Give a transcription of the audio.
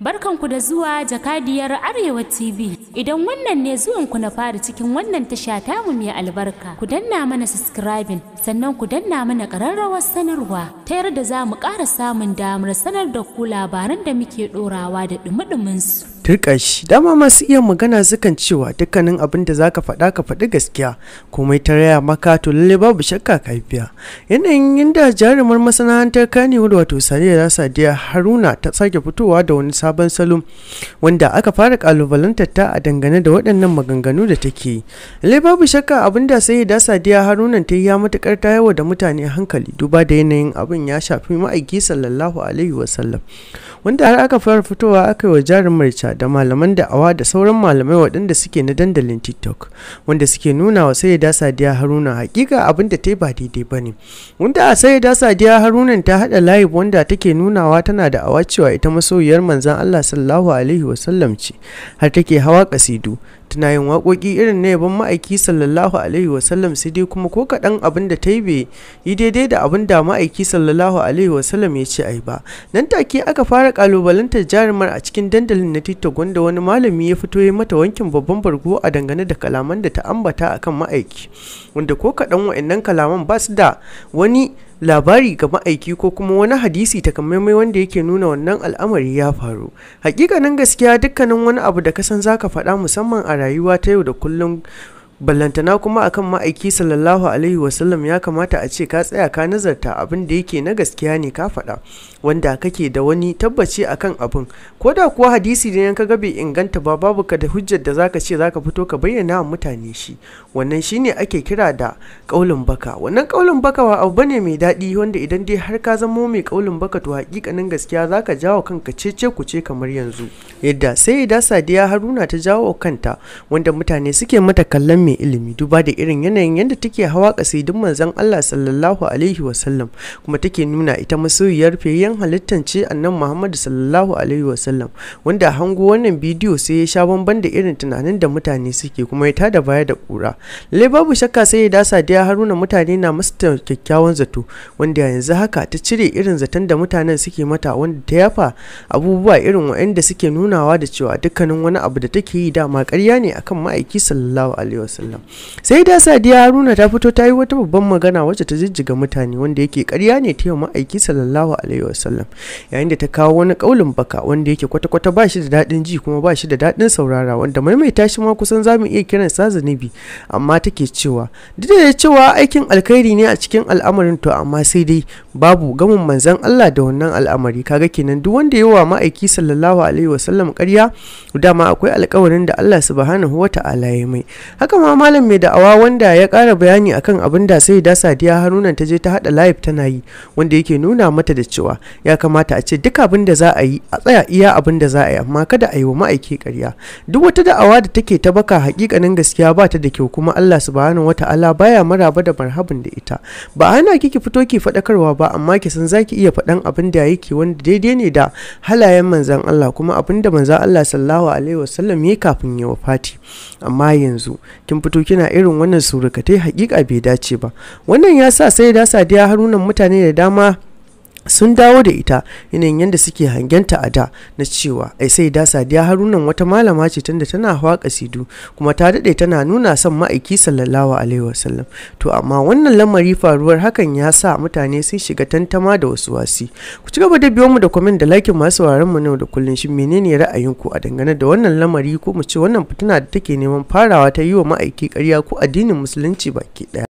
Barkanku da zuwa jakadiyar Arewa TV. Idan wannan ne zuwanku na fara cikin wannan tasha tamu mai albarka, ku danna mana subscribing sannan ku danna mana ƙararrawar sanarwa ta yarda za mu ƙara samun damar sanar da ku labaran da muke ɗorawa da ɗumi-ɗuminsu. turka shi dama masu iya magana sukan cewa dukkanin abin da zaka faɗa ka faɗi gaskiya komai ta raya maka to lalle babu shakka ka biya yanayin inda jarumar masana'antar wadda wato sariya sadiya haruna ta sake fitowa da wani sabon salo wanda aka fara kalubalantar ta a dangane da waɗannan maganganu da take yi. lalle babu shakka abin da sai da sadiya haruna ta yi ya matukar yawa da mutane hankali duba da yanayin abin ya shafi ma'aiki sallallahu alaihi wasallam wanda har aka fara fitowa aka yi wa jarumar da malaman da'awa da sauran malamai waɗanda suke na dandalin tiktok wanda suke nuna wa sayyada sadiya haruna hakika abin ta ba daidai ba ne wanda a da sadiya haruna ta haɗa live wanda take nunawa tana da awa cewa ita masoyiyar manzan allah sallallahu alaihi wasallam ce har take hawa kasidu tana yin waƙoƙi irin na yabon ma'aiki sallallahu alaihi wasallam sai dai kuma ko kaɗan abin da ta yi bai yi daidai da abin da ma'aiki sallallahu alaihi wasallam ya ce a yi ba nan take aka fara ƙalubalantar jarumar a cikin dandalin na tiktok ta gwanda wani malami ya fito ya mata wankin babban bargo a dangane da kalaman da ta ambata a kan ma'aiki wanda ko kaɗan wa'annan kalaman ba su da wani labari ga ma'aiki ko kuma wani hadisi mai wanda yake nuna wannan al'amari ya faru hakikanin gaskiya dukkanin wani abu da kasan zaka faɗa musamman a rayuwa ta yau da kullum ballantana kuma akan ma'aiki sallallahu alaihi wasallam ya kamata a ce ka tsaya ka nazarta abin da yake na gaskiya ne ka faɗa wanda kake da wani tabbaci akan abin ko da kuwa hadisi ne ka ga bai inganta ba babu ka da hujjar da zaka ce zaka fito ka bayyana wa mutane shi wannan shine ake kira da kaulin baka wannan kaulin baka wa abu ne mai daɗi wanda idan dai har ka zama mai kaulin baka to hakikanin gaskiya zaka jawo kanka cece kuce kamar yanzu yadda sai da sadiya haruna ta jawo kanta wanda mutane suke mata kallon mai ilimi duba da irin yanayin yadda take hawa kasidin manzon Allah sallallahu alaihi wasallam kuma take nuna ita masoyiyar fiyayyen halittan ce annan Muhammad sallallahu alaihi wasallam wanda hango wannan bidiyo sai ya sha bamban da irin tunanin da mutane suke kuma ya tada baya da kura lalle babu shakka sai ya dasa da Haruna mutane na musu kyakkyawan zato wanda yanzu haka ta cire irin zaton da mutanen suke mata wanda ta yafa abubuwa irin waɗanda suke nunawa da cewa dukkanin wani abu da take yi dama ƙarya ne akan ma'aiki sallallahu alaihi wasallam wasallam sai da sadiya haruna ta fito ta yi wata babban magana wacce ta jijjiga mutane wanda yake karya ne ta yau ma'aiki sallallahu alaihi wasallam yayin da ta kawo wani kaulin baka wanda yake kwata-kwata ba shi da daɗin ji kuma ba shi da daɗin saurara wanda maimaita shi ma kusan zamu iya kiran sa zunubi amma take cewa duk da cewa aikin alkhairi ne a cikin al'amarin to amma sai dai babu gamin manzan Allah da wannan al'amari kaga kenan duk wanda yawa ma'aiki sallallahu alaihi wasallam ƙarya dama akwai alƙawarin da Allah subhanahu wata'ala ya mai haka ma malam mai da'awa wanda ya ƙara bayani akan abin da sai da Sadiya Haruna ta je ta hada live tana yi wanda yake nuna mata da cewa ya kamata a ce duk abin da za a yi a tsaya iya abin da za a yi amma kada a yi wa ma'aiki ƙarya duk wata da'awa da take ta baka hakikanin gaskiya ba ta da kyau kuma Allah subhanahu wata'ala baya maraba da marhabin da ita ba ana kiki fito ki faɗakarwa ba amma ki san zaki iya faɗan abin da yake wanda daidai ne da halayen manzan Allah kuma abin da manzan Allah sallallahu alaihi wasallam ya kafin ya wafati amma yanzu kin fito kina irin wannan surukatai hakika bai dace ba wannan ya sa sai da sadiya harunan mutane da dama sun dawo da ita yanayin yadda suke hangenta a da na cewa ai sai da sadiya harunan wata malama ce tunda tana hawa kasidu kuma ta daɗe tana nuna son ma'aiki sallallahu alaihi wasallam to amma wannan lamari faruwar hakan ya sa mutane sun shiga tantama da wasu wasi ku ci gaba da biyo mu da comment da lakin masu wararen mu da kullun shin menene ku a dangane da wannan lamari ko mu ce wannan fitina da take neman farawa ta yi wa ma'aiki ƙarya ko addinin musulunci baki ɗaya